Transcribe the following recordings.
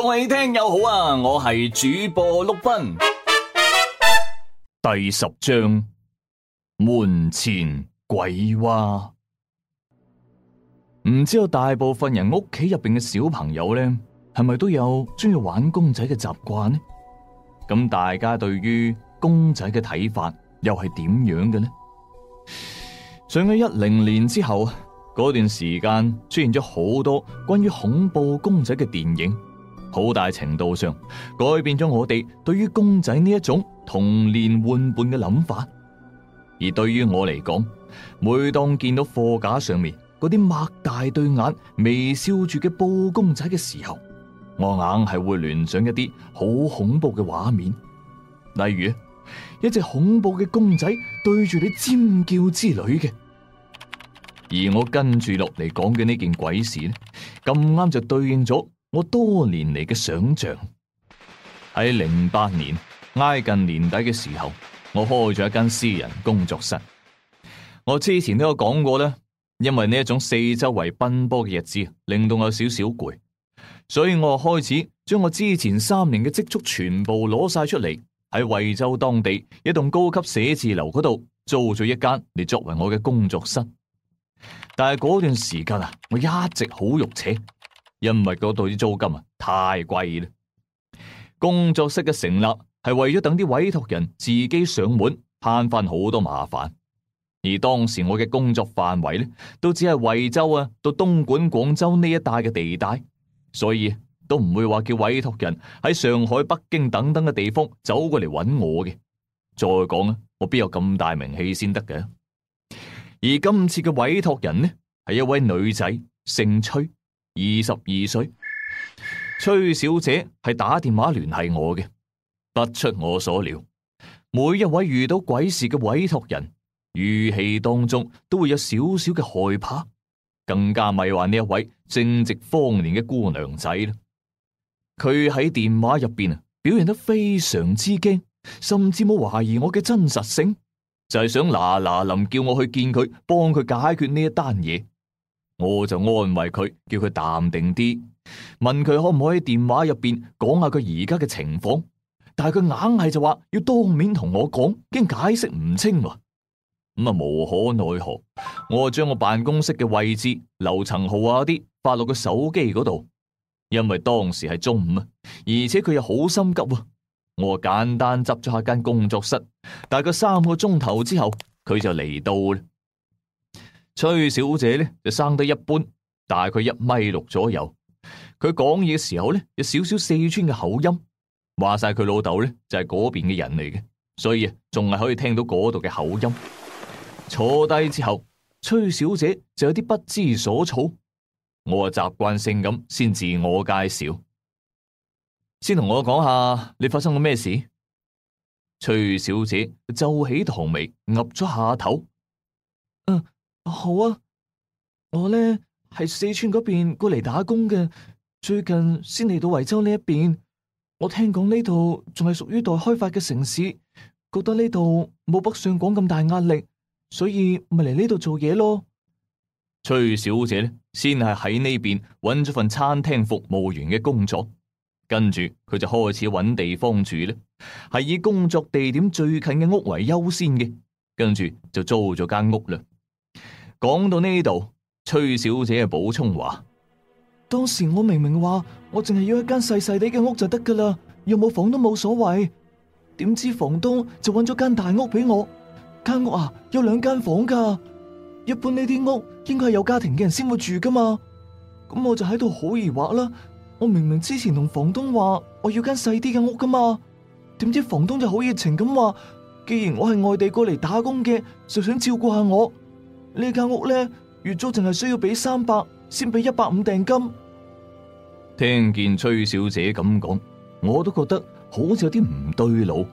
各位聽友好啊！我係主播碌斌，第十章門前鬼娃。唔知道大部分人屋企入邊嘅小朋友咧，係咪都有中意玩公仔嘅習慣呢？咁大家對於公仔嘅睇法又係點樣嘅呢？上咗一零年之後嗰段時間，出現咗好多關於恐怖公仔嘅電影。好大程度上改變咗我哋對於公仔呢一種童年玩伴嘅諗法。而對於我嚟講，每當見到貨架上面嗰啲擘大對眼、微笑住嘅布公仔嘅時候，我硬係會聯想一啲好恐怖嘅畫面，例如一隻恐怖嘅公仔對住你尖叫之類嘅。而我跟住落嚟講嘅呢件鬼事呢，咁啱就對應咗。我多年嚟嘅想象。喺零八年挨近年底嘅時候，我開咗一間私人工作室。我之前都有講過咧，因為呢一種四周圍奔波嘅日子，令到我有少少攰，所以我又開始將我之前三年嘅積蓄全部攞晒出嚟，喺惠州當地一棟高級寫字樓嗰度租咗一間嚟作為我嘅工作室。但係嗰段時間啊，我一直好肉赤。因為嗰度啲租金啊太貴啦，工作室嘅成立係為咗等啲委託人自己上門，慳翻好多麻煩。而當時我嘅工作範圍咧，都只係惠州啊到東莞、廣州呢一帶嘅地帶，所以啊，都唔會話叫委託人喺上海、北京等等嘅地方走過嚟揾我嘅。再講啊，我邊有咁大名氣先得嘅？而今次嘅委託人呢，係一位女仔，姓崔。二十二歲，崔小姐係打電話聯繫我嘅，不出我所料，每一位遇到鬼事嘅委託人，語氣當中都會有少少嘅害怕，更加迷幻呢一位正值芳年嘅姑娘仔啦。佢喺電話入邊啊，表現得非常之驚，甚至冇懷疑我嘅真實性，就係想嗱嗱臨叫我去見佢，幫佢解決呢一單嘢。我就安慰佢，叫佢淡定啲，問佢可唔可以喺電話入邊講下佢而家嘅情況，但係佢硬係就話要當面同我講，驚解釋唔清嘛、啊、咁、嗯、啊無可奈何，我將我辦公室嘅位置、樓層號啊啲發落個手機嗰度，因為當時係中午啊，而且佢又好心急、啊，我簡單執咗下間工作室，大概三個鐘頭之後，佢就嚟到啦。崔小姐咧就生得一般，大概一米六左右。佢講嘢嘅時候咧有少少四川嘅口音，話晒佢老豆咧就係嗰邊嘅人嚟嘅，所以啊仲係可以聽到嗰度嘅口音。坐低之後，崔小姐就有啲不知所措。我啊習慣性咁先自我介紹，先同我講下你發生過咩事。崔小姐皺起堂眉，岌咗下頭，嗯。好啊！我咧喺四川嗰邊過嚟打工嘅，最近先嚟到惠州呢一邊。我聽講呢度仲係屬於待開發嘅城市，覺得呢度冇北上廣咁大壓力，所以咪嚟呢度做嘢咯。崔小姐咧，先係喺呢邊揾咗份餐廳服務員嘅工作，跟住佢就開始揾地方住咧，係以工作地點最近嘅屋為優先嘅，跟住就租咗間屋啦。講到呢度，崔小姐嘅補充話：當時我明明話我淨係要一間細細哋嘅屋就得噶啦，有冇房都冇所謂。點知房東就揾咗間大屋俾我，間屋啊有兩間房噶。一般呢啲屋應該係有家庭嘅人先會住噶嘛。咁我就喺度好疑惑啦。我明明之前同房東話我要間細啲嘅屋噶嘛，點知房東就好熱情咁話，既然我係外地過嚟打工嘅，就想照顧下我。呢間屋咧，月租淨係需要俾三百，先俾一百五訂金。聽見崔小姐咁講，我都覺得好似有啲唔對路。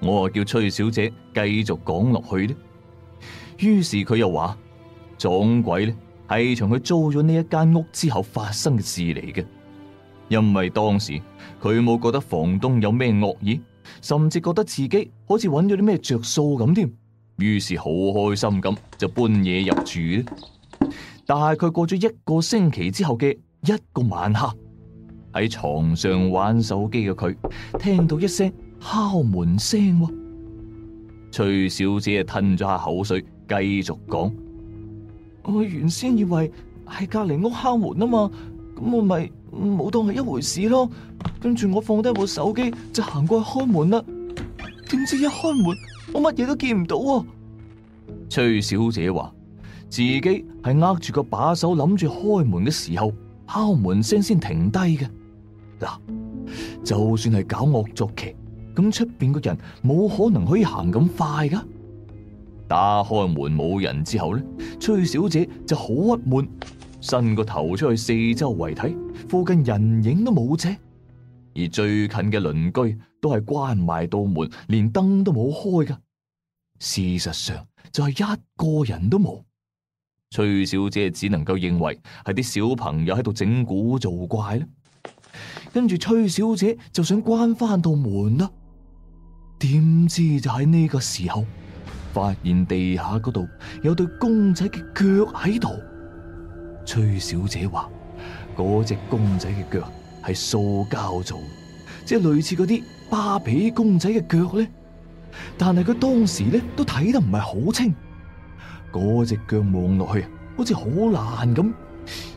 我啊叫崔小姐繼續講落去呢。於是佢又話：撞鬼咧，係從佢租咗呢一間屋之後發生嘅事嚟嘅。因為當時佢冇覺得房東有咩惡意，甚至覺得自己好似揾咗啲咩着數咁添。於是好開心咁就搬嘢入住。但係佢過咗一個星期之後嘅一個晚黑，喺床上玩手機嘅佢聽到一聲敲門聲、啊。崔小姐啊，吞咗下口水，繼續講：我原先以為喺隔籬屋敲門啊嘛，咁我咪冇當係一回事咯。跟住我放低部手機就行過去開門啦。點知一開門？我乜嘢都見唔到啊！崔小姐話自己係握住個把手諗住開門嘅時候，敲門聲先停低嘅。嗱，就算係搞惡作劇，咁出邊個人冇可能可以行咁快噶。打開門冇人之後呢，崔小姐就好鬱悶，伸個頭出去四周圍睇，附近人影都冇啫。而最近嘅鄰居都係關埋道門，連燈都冇開噶。事實上就係一個人都冇，崔小姐只能夠認為係啲小朋友喺度整蠱做怪咧。跟住崔小姐就想關翻道門啦，點知就喺呢個時候發現地下嗰度有對公仔嘅腳喺度。崔小姐話嗰隻公仔嘅腳係塑膠做，即係類似嗰啲芭比公仔嘅腳咧。但係佢當時咧都睇得唔係好清，嗰隻腳望落去好似好爛咁，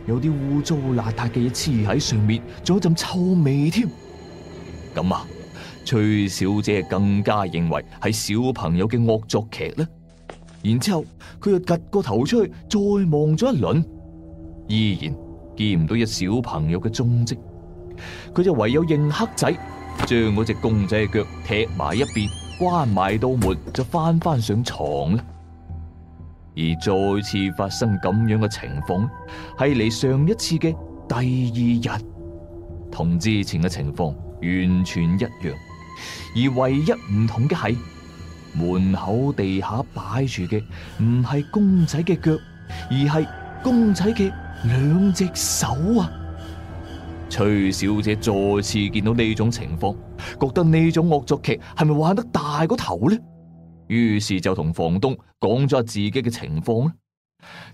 有啲污糟邋遢嘅嘢黐喺上面，仲有陣臭味添。咁啊，崔小姐更加認為係小朋友嘅惡作劇咧。然之後佢又夾個頭出去再望咗一輪，依然見唔到有小朋友嘅蹤跡，佢就唯有認黑仔，將嗰隻公仔嘅腳踢埋一邊。關埋到門就返返上床啦。而再次發生咁樣嘅情況，係嚟上一次嘅第二日，同之前嘅情況完全一樣。而唯一唔同嘅係門口地下擺住嘅唔係公仔嘅腳，而係公仔嘅兩隻手啊！崔小姐再次見到呢種情況，覺得呢種惡作劇係咪玩得大過頭咧？於是就同房東講咗自己嘅情況啦。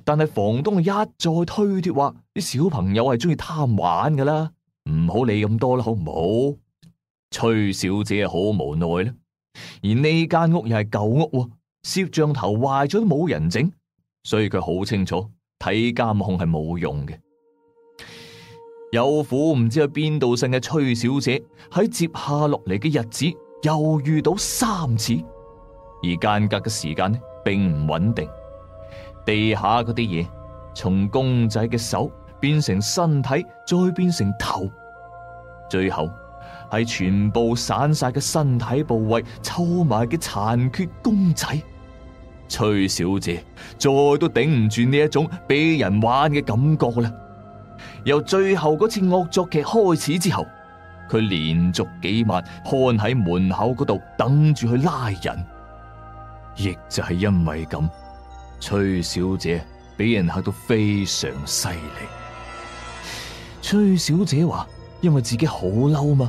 但係房東一再推脱，話啲小朋友係中意貪玩噶啦，唔好理咁多啦，好唔好？崔小姐好無奈啦。而呢間屋又係舊屋，攝像頭壞咗都冇人整，所以佢好清楚睇監控係冇用嘅。有苦唔知喺邊度呻嘅崔小姐喺接下落嚟嘅日子又遇到三次，而間隔嘅時間呢並唔穩定。地下嗰啲嘢，從公仔嘅手變成身體，再變成頭，最後係全部散晒嘅身體部位，湊埋嘅殘缺公仔。崔小姐再都頂唔住呢一種俾人玩嘅感覺啦。由最後嗰次惡作劇開始之後，佢連續幾晚看喺門口嗰度等住去拉人，亦就係因為咁，崔小姐俾人吓到非常犀利。崔小姐話：因為自己好嬲嘛，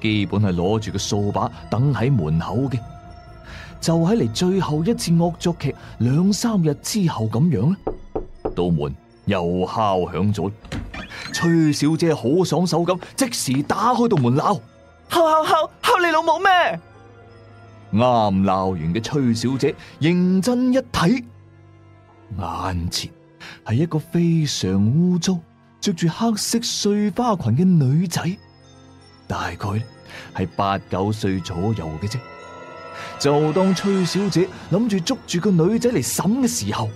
基本係攞住個掃把等喺門口嘅，就喺嚟最後一次惡作劇兩三日之後咁樣啦。道門又敲響咗。崔小姐好爽手咁，即時打開道門鬧，吼吼吼，敲你老母咩？啱鬧完嘅崔小姐認真一睇，眼前係一個非常污糟、着住黑色碎花裙嘅女仔，大概係八九歲左右嘅啫。就當崔小姐諗住捉住個女仔嚟審嘅時候。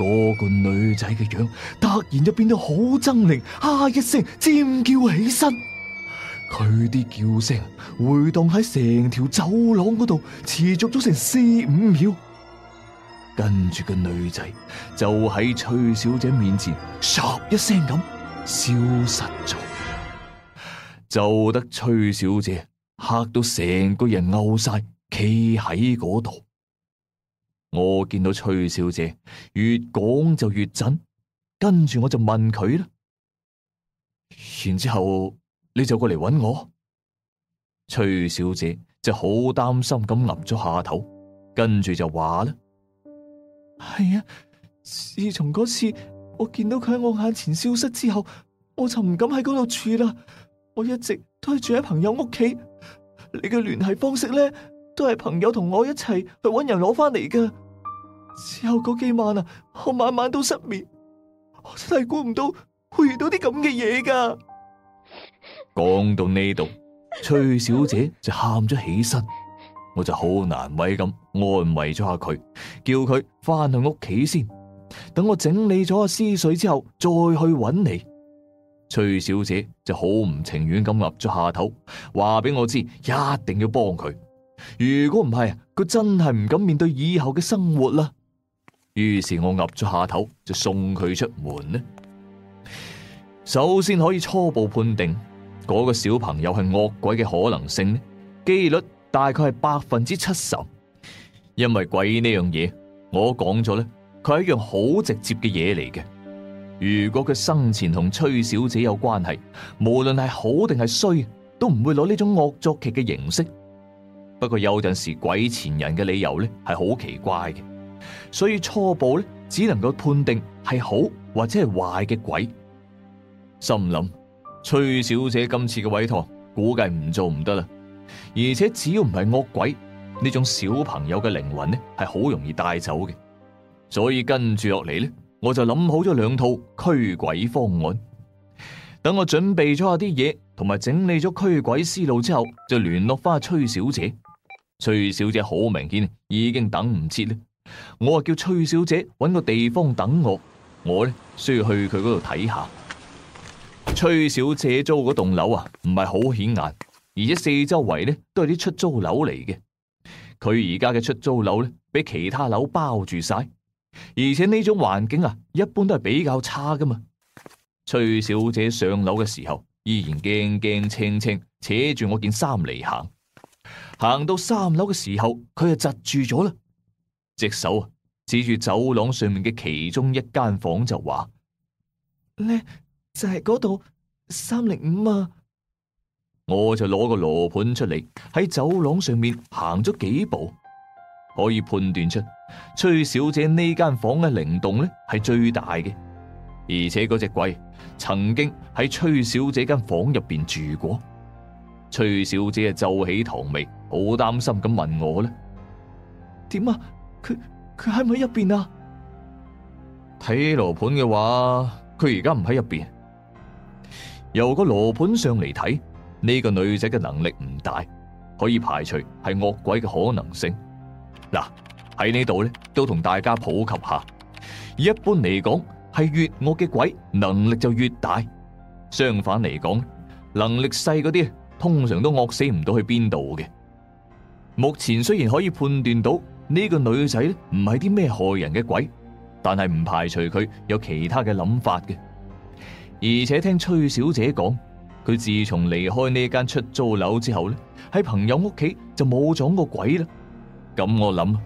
嗰個女仔嘅樣突然就變得好猙獰，啊一聲尖叫起身，佢啲叫聲回盪喺成條走廊嗰度，持續咗成四五秒。跟住個女仔就喺崔小姐面前，唰一聲咁消失咗，就得崔小姐嚇到成個人勾晒，企喺嗰度。我見到崔小姐越講就越震，跟住我就問佢啦，然之後你就過嚟揾我，崔小姐就好擔心咁岌咗下頭，跟住就話啦：係啊，自從嗰次我見到佢喺我眼前消失之後，我就唔敢喺嗰度住啦。我一直都係住喺朋友屋企。你嘅聯繫方式呢？都係朋友同我一齊去搵人攞翻嚟噶，之後嗰幾晚啊，我晚晚都失眠，我真係估唔到會遇到啲咁嘅嘢噶。講到呢度，崔小姐就喊咗起身，我就好難為咁安慰咗下佢，叫佢翻去屋企先，等我整理咗下思緒之後再去搵你。崔小姐就好唔情願咁岌咗下頭，話俾我知一定要幫佢。如果唔係，佢真係唔敢面對以後嘅生活啦。於是我岌咗下頭，就送佢出門呢。首先可以初步判定，嗰個小朋友係惡鬼嘅可能性呢，幾率大概係百分之七十。因為鬼呢樣嘢，我講咗咧，佢係一樣好直接嘅嘢嚟嘅。如果佢生前同崔小姐有關係，無論係好定係衰，都唔會攞呢種惡作劇嘅形式。不過有陣時鬼纏人嘅理由咧係好奇怪嘅，所以初步咧只能夠判定係好或者係壞嘅鬼。心諗崔小姐今次嘅委託估計唔做唔得啦，而且只要唔係惡鬼呢種小朋友嘅靈魂呢係好容易帶走嘅，所以跟住落嚟呢，我就諗好咗兩套驅鬼方案。等我準備咗下啲嘢同埋整理咗驅鬼思路之後，就聯絡翻崔小姐。崔小姐好明顯已經等唔切啦，我啊叫崔小姐搵個地方等我，我咧需要去佢嗰度睇下。崔小姐租嗰棟樓啊，唔係好顯眼，而且四周圍咧都係啲出租樓嚟嘅。佢而家嘅出租樓咧，俾其他樓包住晒，而且呢種環境啊，一般都係比較差噶嘛。崔小姐上樓嘅時候，依然驚驚青青，扯住我件衫嚟行。行到三樓嘅時候，佢就窒住咗啦。隻手指住走廊上面嘅其中一間房就話：呢就係嗰度三零五啊！我就攞個羅盤出嚟喺走廊上面行咗幾步，可以判斷出崔小姐呢間房嘅靈動咧係最大嘅，而且嗰隻鬼曾經喺崔小姐間房入邊住過。崔小姐啊，皺起糖眉，好擔心咁問我咧：點啊？佢佢喺唔喺入邊啊？睇羅盤嘅話，佢而家唔喺入邊。由個羅盤上嚟睇，呢個女仔嘅能力唔大，可以排除係惡鬼嘅可能性。嗱，喺呢度咧都同大家普及下，一般嚟講，係越惡嘅鬼能力就越大；相反嚟講，能力細嗰啲，通常都惡死唔到去邊度嘅。目前雖然可以判斷到呢個女仔唔係啲咩害人嘅鬼，但係唔排除佢有其他嘅諗法嘅。而且聽崔小姐講，佢自從離開呢間出租樓之後咧，喺朋友屋企就冇撞過鬼啦。咁我諗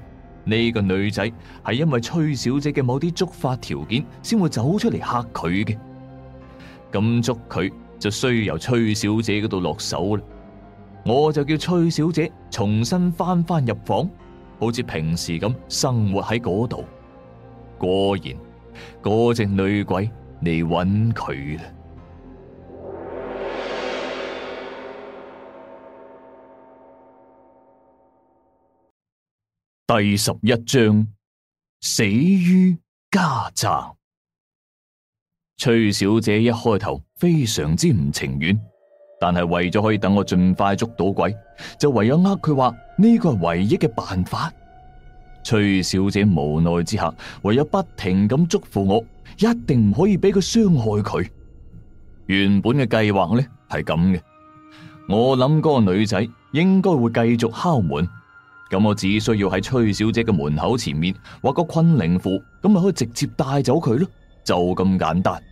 呢個女仔係因為崔小姐嘅某啲觸發條件先會走出嚟嚇佢嘅。咁捉佢，.就需要由崔小姐嗰度落手啦，我就叫崔小姐重新翻返入房，好似平時咁生活喺嗰度。果然，嗰隻女鬼嚟揾佢啦。 第十一章：死於家宅。崔小姐一開頭非常之唔情願，但係為咗可以等我盡快捉到鬼，就唯有呃佢話呢個係唯一嘅辦法。崔小姐無奈之下，唯有不停咁囑咐我，一定唔可以俾佢傷害佢。原本嘅計劃呢係咁嘅，我諗嗰個女仔應該會繼續敲門，咁我只需要喺崔小姐嘅門口前面畫個昆靈符，咁咪可以直接帶走佢咯。就咁簡單，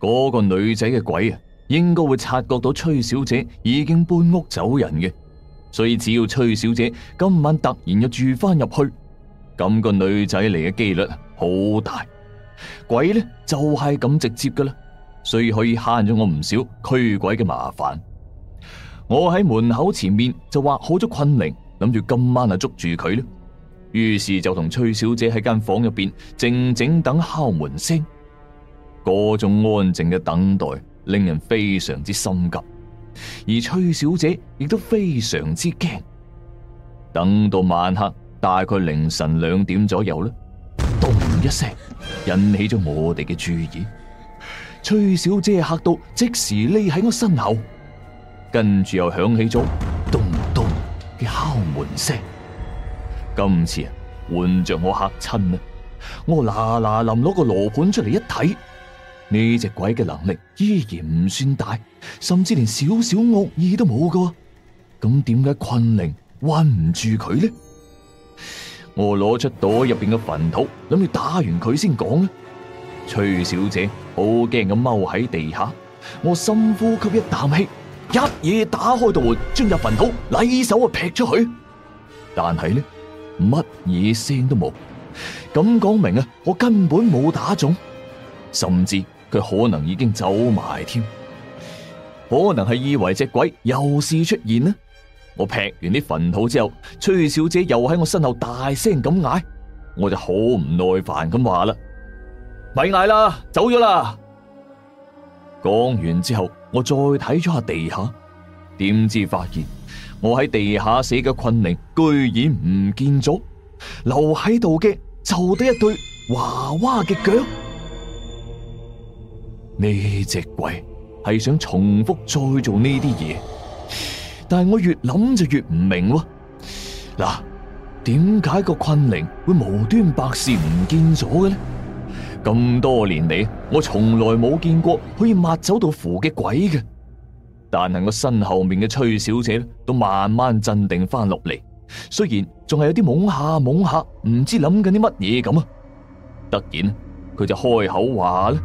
嗰、那個女仔嘅鬼啊，應該會察覺到崔小姐已經搬屋走人嘅，所以只要崔小姐今晚突然又住翻入去，咁、這個女仔嚟嘅幾率好大。鬼咧就係、是、咁直接噶啦，所以可以慳咗我唔少驅鬼嘅麻煩。我喺門口前面就畫好咗困靈，諗住今晚啊捉住佢咧。於是就同崔小姐喺間房入邊靜靜等敲門聲，嗰種安靜嘅等待令人非常之心急，而崔小姐亦都非常之驚。等到晚黑大概凌晨兩點左右呢「咚」一聲引起咗我哋嘅注意，崔小姐吓到即時匿喺我身後，跟住又響起咗咚咚嘅敲門聲。今次啊，換着我嚇親啦！我嗱嗱臨攞個羅盤出嚟一睇，呢隻鬼嘅能力依然唔算大，甚至連少少惡意都冇噶。咁點解困靈困唔住佢呢？我攞出袋入邊嘅墳土，諗住打完佢先講呢。崔小姐好驚咁踎喺地下，我深呼吸一啖氣，一嘢打開道門，進入墳土，厲手啊劈出去。但係呢？乜嘢聲都冇，咁講明啊，我根本冇打中，甚至佢可能已經走埋添，可能係以為隻鬼又是出現呢？我劈完啲墳土之後，崔小姐又喺我身後大聲咁嗌，我就好唔耐煩咁話啦：咪嗌啦，走咗啦！講完之後，我再睇咗下地下，點知發現。我喺地下室嘅困靈居然唔見咗，留喺度嘅就得一對娃娃嘅腳。呢 隻鬼係想重複再做呢啲嘢，但係我越諗就越唔明咯。嗱，點解個困靈會無端百事唔見咗嘅呢？咁多年嚟，我從來冇見過可以抹走到符嘅鬼嘅。但係我身後面嘅崔小姐咧，都慢慢鎮定翻落嚟。雖然仲係有啲懵下懵下，唔知諗緊啲乜嘢咁啊。突然，佢就開口話咧：，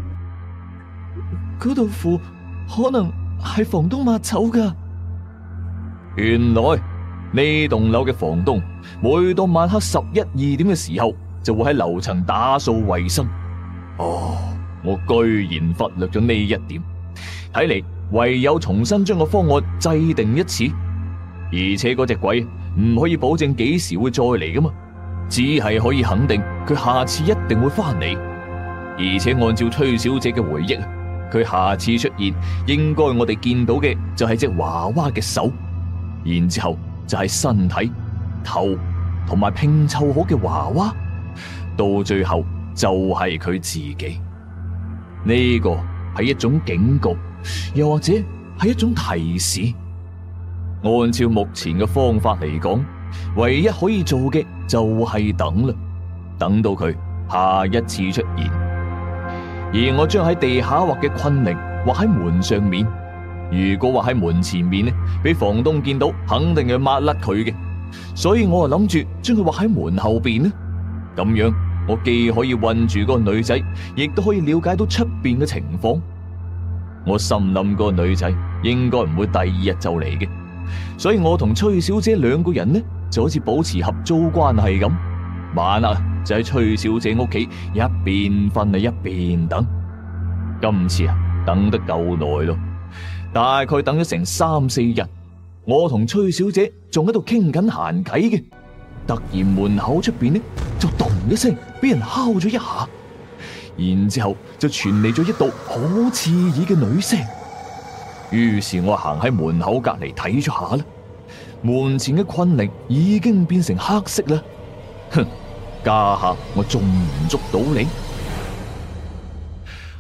嗰道符可能係房東抹走噶。原來呢棟樓嘅房東每到晚黑十一二點嘅時候，就會喺樓層打掃衛生。哦，我居然忽略咗呢一點，睇嚟。唯有重新將個方案制定一次，而且嗰隻鬼唔可以保證幾時會再嚟噶嘛，只係可以肯定佢下次一定會翻嚟。而且按照崔小姐嘅回憶，佢下次出現應該我哋見到嘅就係隻娃娃嘅手，然之後就係身體、頭同埋拼湊好嘅娃娃，到最後就係佢自己。呢個係一種警告。又或者係一種提示。按照目前嘅方法嚟講，唯一可以做嘅就係等啦，等到佢下一次出現。而我將喺地下畫嘅困靈畫喺門上面。如果畫喺門前面呢，俾房東見到肯定係抹甩佢嘅。所以我又諗住將佢畫喺門後邊呢。咁樣我既可以困住個女仔，亦都可以了解到出邊嘅情況。我心諗個女仔應該唔會第二日就嚟嘅，所以我同崔小姐兩個人呢就好似保持合租關係咁，晚啊就喺崔小姐屋企一邊瞓啊一邊等。今次啊等得夠耐咯，大概等咗成三四日，我同崔小姐仲喺度傾緊閒偈嘅，突然門口出邊呢就咚一聲俾人敲咗一下。然之後就傳嚟咗一道好刺耳嘅女聲，於是我行喺門口隔籬睇咗下啦，門前嘅困靈已經變成黑色啦。哼，家下我仲唔捉到你？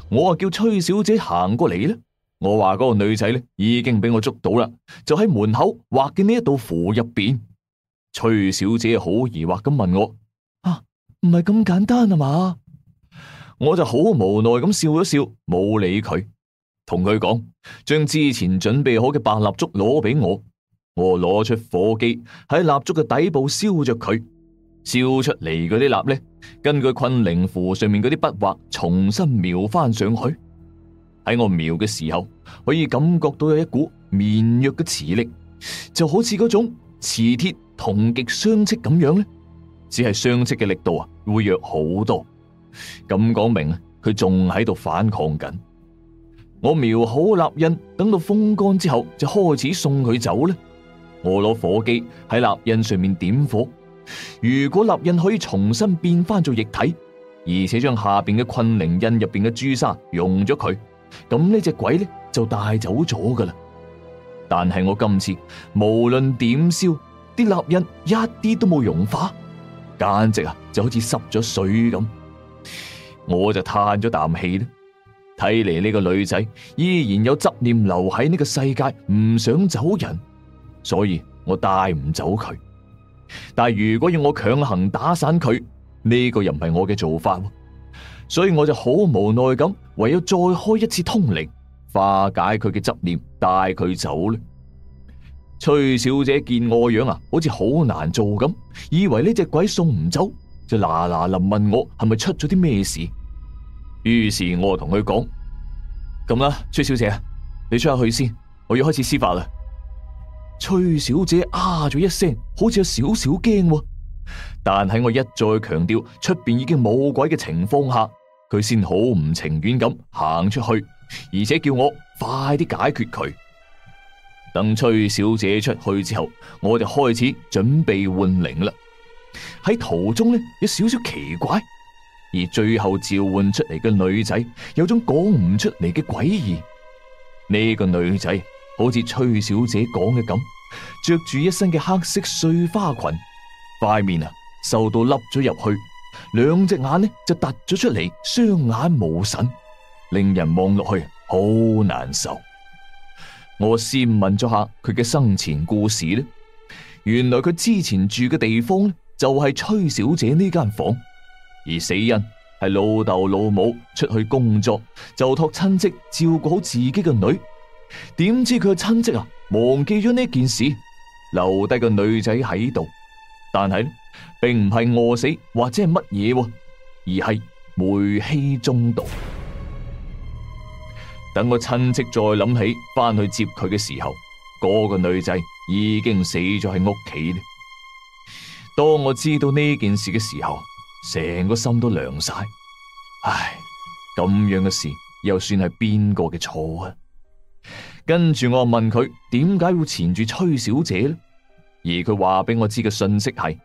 我啊叫崔小姐行過嚟咧，我話嗰個女仔咧已經俾我捉到啦，就喺門口畫嘅呢一道符入邊。崔小姐好疑惑咁問我，啊，唔係咁簡單啊嘛？我就好無奈咁笑咗笑，冇理佢，同佢講，將之前準備好嘅白蠟燭攞俾我。我攞出火機喺蠟燭嘅底部燒着佢，燒出嚟嗰啲蠟咧，根據昆靈符上面嗰啲筆畫重新描翻上去。喺我描嘅時候，可以感覺到有一股綿弱嘅磁力，就好似嗰種磁鐵同極相斥咁樣咧，只係相斥嘅力度啊，會弱好多。咁講明啊，佢仲喺度反抗緊。我描好蠟印，等到風乾之後就開始送佢走咧。我攞火機喺蠟印上面點火，如果蠟印可以重新變翻做液體，而且將下邊嘅困靈印入邊嘅朱砂溶咗佢，咁呢隻鬼咧就帶走咗噶啦。但係我今次無論點燒，啲蠟印一啲都冇溶化，簡直啊就好似濕咗水咁。我就嘆咗啖氣啦，睇嚟呢個女仔依然有執念留喺呢個世界，唔想走人，所以我帶唔走佢。但係如果要我強行打散佢，呢個又唔係我嘅做法，所以我就好無奈咁，唯有再開一次通靈，化解佢嘅執念，帶佢走啦。崔小姐見我樣啊，好似好難做咁，以為呢隻鬼送唔走。就嗱嗱臨問我係咪出咗啲咩事？於是我就同佢講：咁啦，崔小姐，你出下去先，我要開始施法啦。崔小姐啊咗一聲，好似有少少驚喎，但喺我一再強調出邊已經冇鬼嘅情況下，佢先好唔情願咁行出去，而且叫我快啲解決佢。等崔小姐出去之後，我就開始準備換靈啦。喺途中呢，有少少奇怪，而最後召喚出嚟嘅女仔有種講唔出嚟嘅詭異。呢、這個女仔好似崔小姐講嘅咁，着住一身嘅黑色碎花裙，塊面啊瘦到凹咗入去，兩隻眼呢就凸咗出嚟，雙眼無神，令人望落去好難受。我先問咗下佢嘅生前故事呢，原來佢之前住嘅地方。就係崔小姐呢間房，而死因係老豆老母出去工作，就託親戚照顧好自己嘅女。點知佢親戚啊，忘記咗呢件事，留低個女仔喺度。但係並唔係餓死或者係乜嘢，而係煤氣中毒。等個親戚再諗起翻去接佢嘅時候，嗰個女仔已經死咗喺屋企。當我知道呢件事嘅時候，成個心都涼晒。唉，咁樣嘅事又算係邊個嘅錯啊？跟住我問佢點解會纏住崔小姐呢？而佢話俾我知嘅信息係，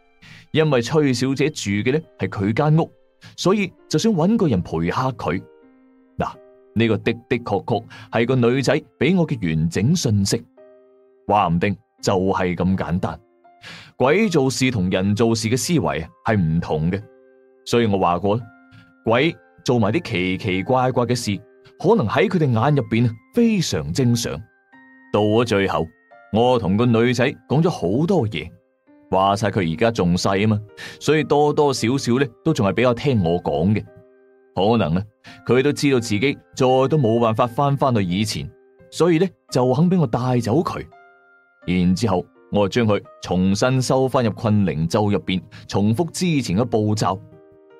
因為崔小姐住嘅呢係佢間屋，所以就想揾個人陪下佢。嗱，呢個的的確確係個女仔俾我嘅完整信息，話唔定就係咁簡單。鬼做事同人做事嘅思維係唔同嘅，所以我話過啦，鬼做埋啲奇奇怪怪嘅事，可能喺佢哋眼入邊啊非常正常。到咗最後，我同個女仔講咗好多嘢，話晒佢而家仲細啊嘛，所以多多少少咧都仲係比較聽我講嘅，可能咧、啊、佢都知道自己再都冇辦法翻翻到以前，所以咧就肯俾我帶走佢，然之後。我將佢重新收翻入困靈舟入邊，重複之前嘅步驟，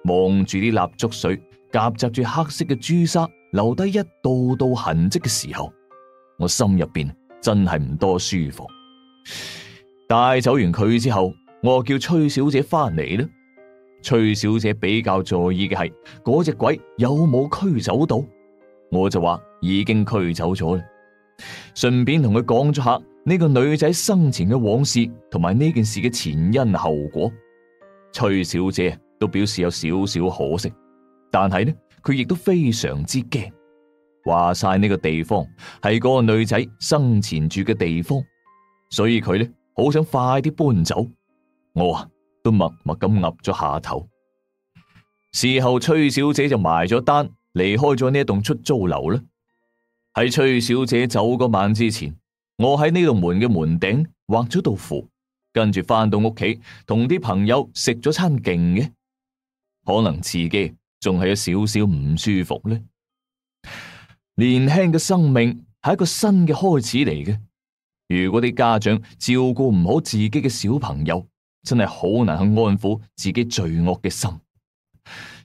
望住啲蠟燭水夾雜住黑色嘅朱砂，留低一道道痕迹嘅時候，我心入邊真係唔多舒服。帶走完佢之後，我叫崔小姐翻嚟啦。崔小姐比較在意嘅係嗰隻鬼有冇驅走到，我就話已經驅走咗啦。順便同佢講咗下呢個女仔生前嘅往事同埋呢件事嘅前因後果，崔小姐都表示有少少可惜，但係呢，佢亦都非常之驚，話晒呢個地方係嗰個女仔生前住嘅地方，所以佢呢好想快啲搬走。我啊都默默咁岌咗下頭。事後，崔小姐就埋咗單離開咗呢一棟出租樓啦。喺崔小姐走嗰晚之前，我喺呢度門嘅門頂畫咗道符，跟住翻到屋企同啲朋友食咗餐勁嘅，可能自己仲係有少少唔舒服咧。年輕嘅生命係一個新嘅開始嚟嘅，如果啲家長照顧唔好自己嘅小朋友，真係好難去安撫自己罪惡嘅心，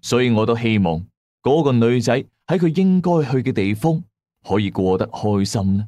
所以我都希望嗰個女仔喺佢應該去嘅地方，可以過得開心呢？